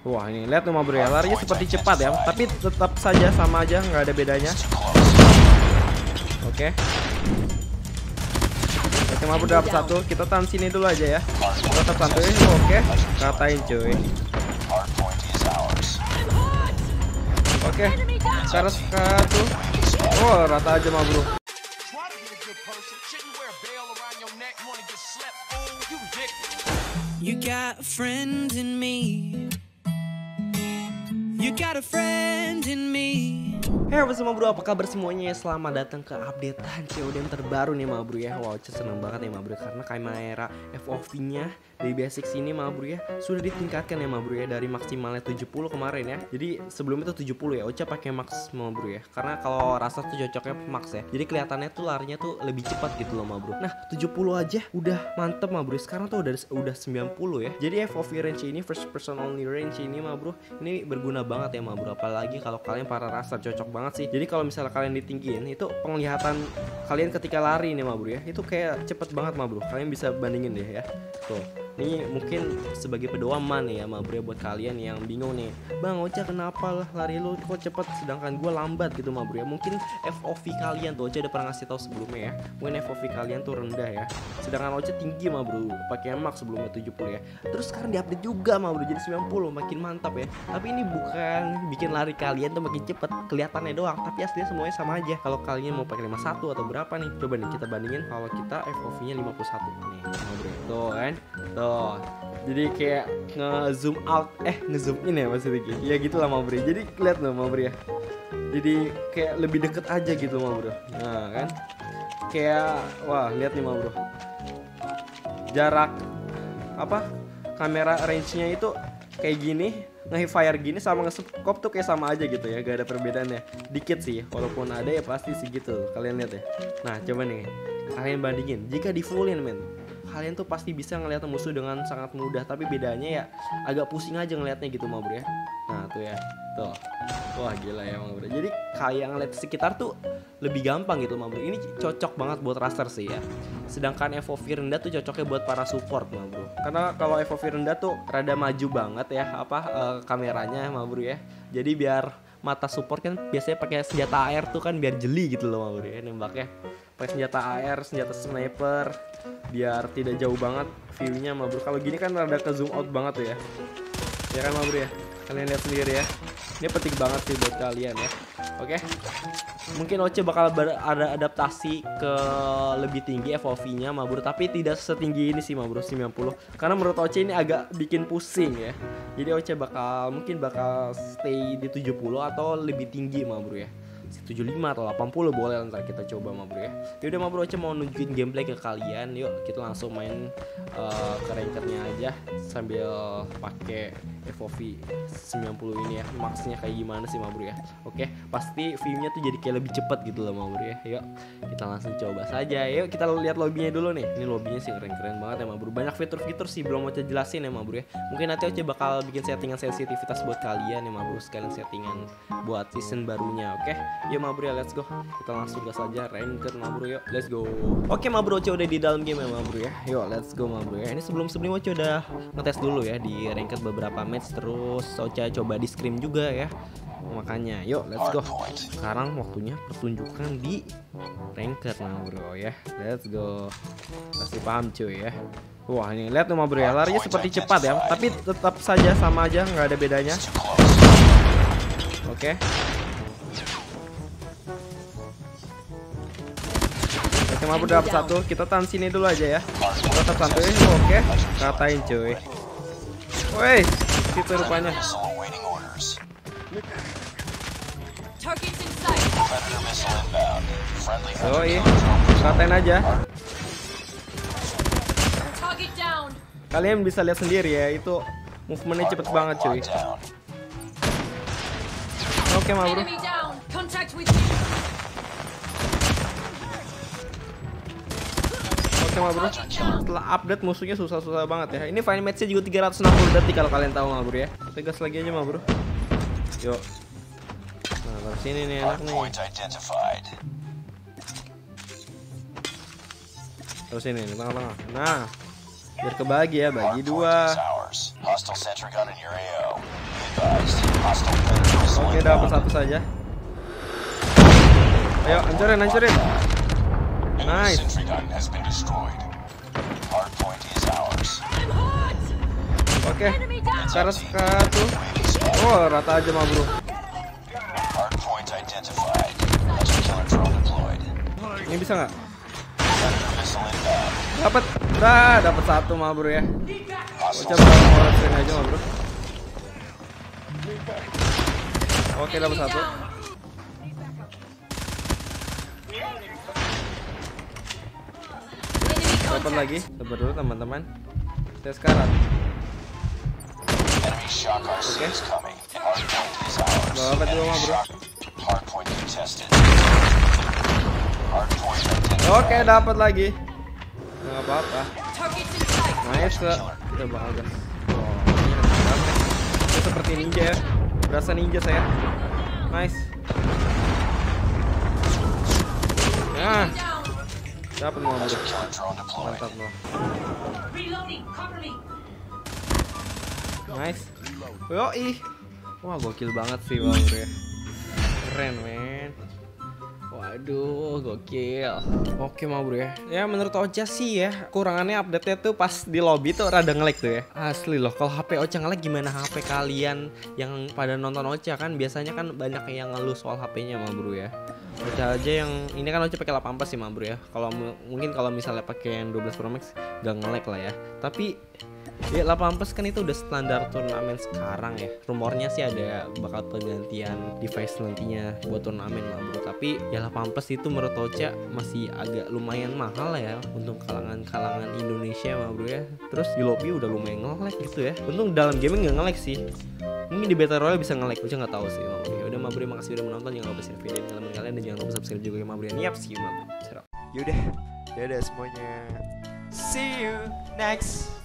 Wah ini lihat tuh Mabro ya larinya seperti cepat ya tapi tetap saja sama aja nggak ada bedanya. Oke. Okay. Oke Mabro dapat satu kita tahan sini dulu aja ya. Kita tetap ini, oke okay. katain cuy. Oke okay. satu. Oh rata aja Mabro. You You got a friend in me. Hey apa semua bro, apa kabar semuanya? Selamat datang ke updatean COD yang terbaru nih ma ya Wow, seneng banget ya ma bro Karena kamera FOV-nya dari basic sini ma bro ya Sudah ditingkatkan ya ma ya Dari maksimalnya 70 kemarin ya Jadi sebelumnya tuh 70 ya Ocha pakai max Mabru ya Karena kalau rasa tuh cocoknya max ya Jadi kelihatannya tuh larinya tuh lebih cepat gitu loh Mabru bro Nah 70 aja udah mantep Mabru ya. Sekarang tuh udah, udah 90 ya Jadi FOV range ini, first person only range ini Mabru Ini berguna banget ya Mabru Apalagi kalau kalian para rasa cocok cocok banget sih jadi kalau misalnya kalian ditinggiin itu penglihatan kalian ketika lari nih ma bro ya itu kayak cepet banget ma bro kalian bisa bandingin deh ya tuh ini mungkin sebagai pedoman nih ya Mabre buat kalian yang bingung nih Bang Ocha kenapa lari lu kok cepet sedangkan gue lambat gitu Mabre mungkin FOV kalian tuh Ocha udah pernah ngasih tau sebelumnya ya mungkin FOV kalian tuh rendah ya sedangkan Ocha tinggi Bro pakai max sebelumnya 70 ya terus sekarang diupdate juga Bro jadi 90 makin mantap ya tapi ini bukan bikin lari kalian tuh makin cepet kelihatannya doang tapi aslinya semuanya sama aja kalau kalian mau pakai 51 atau berapa nih coba nih kita bandingin kalau kita FOV nya 51 nih Bro tuh kan gitu Jadi kayak nge-zoom out eh nge-zoom in ya Mas Riki. Ya gitulah mau beri. Jadi lihat loh mau beri ya. Jadi kayak lebih deket aja gitu mau bro. Nah kan. Kayak wah lihat nih mau bro. Jarak apa kamera range-nya itu kayak gini nge-fire gini sama nge-scope tuh kayak sama aja gitu ya gak ada perbedaannya dikit sih walaupun ada ya pasti sih gitu kalian lihat ya nah coba nih kalian bandingin jika di fullin men kalian tuh pasti bisa ngelihat musuh dengan sangat mudah tapi bedanya ya agak pusing aja ngelihatnya gitu mau bro ya nah tuh ya tuh wah gila ya mau bro jadi kayak ngeliat sekitar tuh lebih gampang gitu mau bro ini cocok banget buat raster sih ya sedangkan Evo rendah tuh cocoknya buat para support mau bro karena kalau Evo rendah tuh rada maju banget ya apa uh, kameranya mau bro ya jadi biar mata support kan biasanya pakai senjata AR tuh kan biar jeli gitu loh mau ya nembaknya pakai senjata AR senjata sniper biar tidak jauh banget viewnya bro kalau gini kan rada ke zoom out banget tuh ya ya kan Mauri ya kalian lihat sendiri ya ini penting banget sih buat kalian ya Oke. Okay? Mungkin Oce bakal beradaptasi ke lebih tinggi FOV-nya Mabur, tapi tidak setinggi ini sih Mabur 90. Karena menurut Oce ini agak bikin pusing ya. Jadi Oce bakal mungkin bakal stay di 70 atau lebih tinggi Mabur ya. 75 atau 80 boleh ntar kita coba Mabur ya. Yaudah Mabur Oce mau nunjukin gameplay ke kalian. Yuk kita langsung main uh, ke aja sambil pakai FOV 90 ini ya maksudnya kayak gimana sih Mabru ya oke pasti filmnya tuh jadi kayak lebih cepat gitu loh Mabru ya yuk kita langsung coba saja yuk kita lihat lobbynya dulu nih ini lobbynya sih keren-keren banget ya Mabru banyak fitur-fitur sih belum mau jelasin ya Mabru ya mungkin nanti Oce bakal bikin settingan sensitivitas buat kalian ya Mabru sekalian settingan buat season barunya oke yuk Mabru ya let's go kita langsung gas aja Ranger Mabru yuk let's go oke Mabru Oce udah di dalam game ya Mabru ya yuk let's go Mabru ya ini sebelum-sebelum Oce udah ngetes dulu ya di ranked beberapa damage terus Socha coba di scream juga ya makanya yuk let's go sekarang waktunya pertunjukan di ranker nah bro ya let's go pasti paham cuy ya wah ini lihat tuh bro ya larinya seperti cepat ya tapi tetap saja sama aja nggak ada bedanya oke okay. Cuma udah dapat satu, kita tahan sini dulu aja ya. kita Tetap ini oke. Okay. Katain cuy. Woi, kita gitu rupanya. Oh iya, ratain aja. Kalian bisa lihat sendiri ya, itu movementnya cepet banget cuy. Oke, okay, ma bro. sama bro Setelah update musuhnya susah-susah banget ya Ini fine matchnya juga 360 detik kalau kalian tahu mah bro ya Tegas lagi aja mah bro Yuk Nah dari sini nih enak nih Terus ini nih tengah-tengah Nah Biar kebagi ya bagi dua Oke dapat satu saja Ayo hancurin hancurin Nice. Sentry gun has been Oke, okay. satu. Oh, rata aja mah bro. Ini bisa nggak? Dapat, dah dapat satu mah bro ya. coba orang aja mah bro. Oke, dapat satu telepon lagi sabar dulu teman-teman saya sekarang oke okay. bawa apa dulu bro oke okay, dapat lagi Gak apa-apa nice Kita udah bahagia oh, seperti ninja ya berasa ninja saya nice nah Dapat mau ambil. Mantap loh. Nice. Yoi. Wah gokil banget sih bang ya. Keren men. Waduh, gokil. Oke mau bro ya. Ya menurut Ocha sih ya, kurangannya update-nya tuh pas di lobby tuh rada ngelag tuh ya. Asli loh, kalau HP Ocha lag gimana HP kalian yang pada nonton Ocha kan biasanya kan banyak yang ngeluh soal HP-nya mau bro ya. Pecah aja yang ini kan lo pakai 8 ampas sih Mambro ya. Kalau mungkin kalau misalnya pakai yang 12 Pro Max gak ngelek lah ya. Tapi ya 8 ampas kan itu udah standar turnamen sekarang ya. Rumornya sih ada bakal penggantian device nantinya buat turnamen Mambro. Tapi ya 8 ampas itu menurut Ocha masih agak lumayan mahal lah ya untuk kalangan-kalangan Indonesia Mambro ya. Terus di lobby udah lumayan ngelek gitu ya. Untung dalam gaming gak ngelek sih mungkin di Battle Royale bisa nge-like gue nggak tahu sih ya udah Mabri makasih udah menonton jangan lupa share video ini teman kalian dan jangan lupa subscribe juga ya Mabri yap see you Mabri yaudah dadah semuanya see you next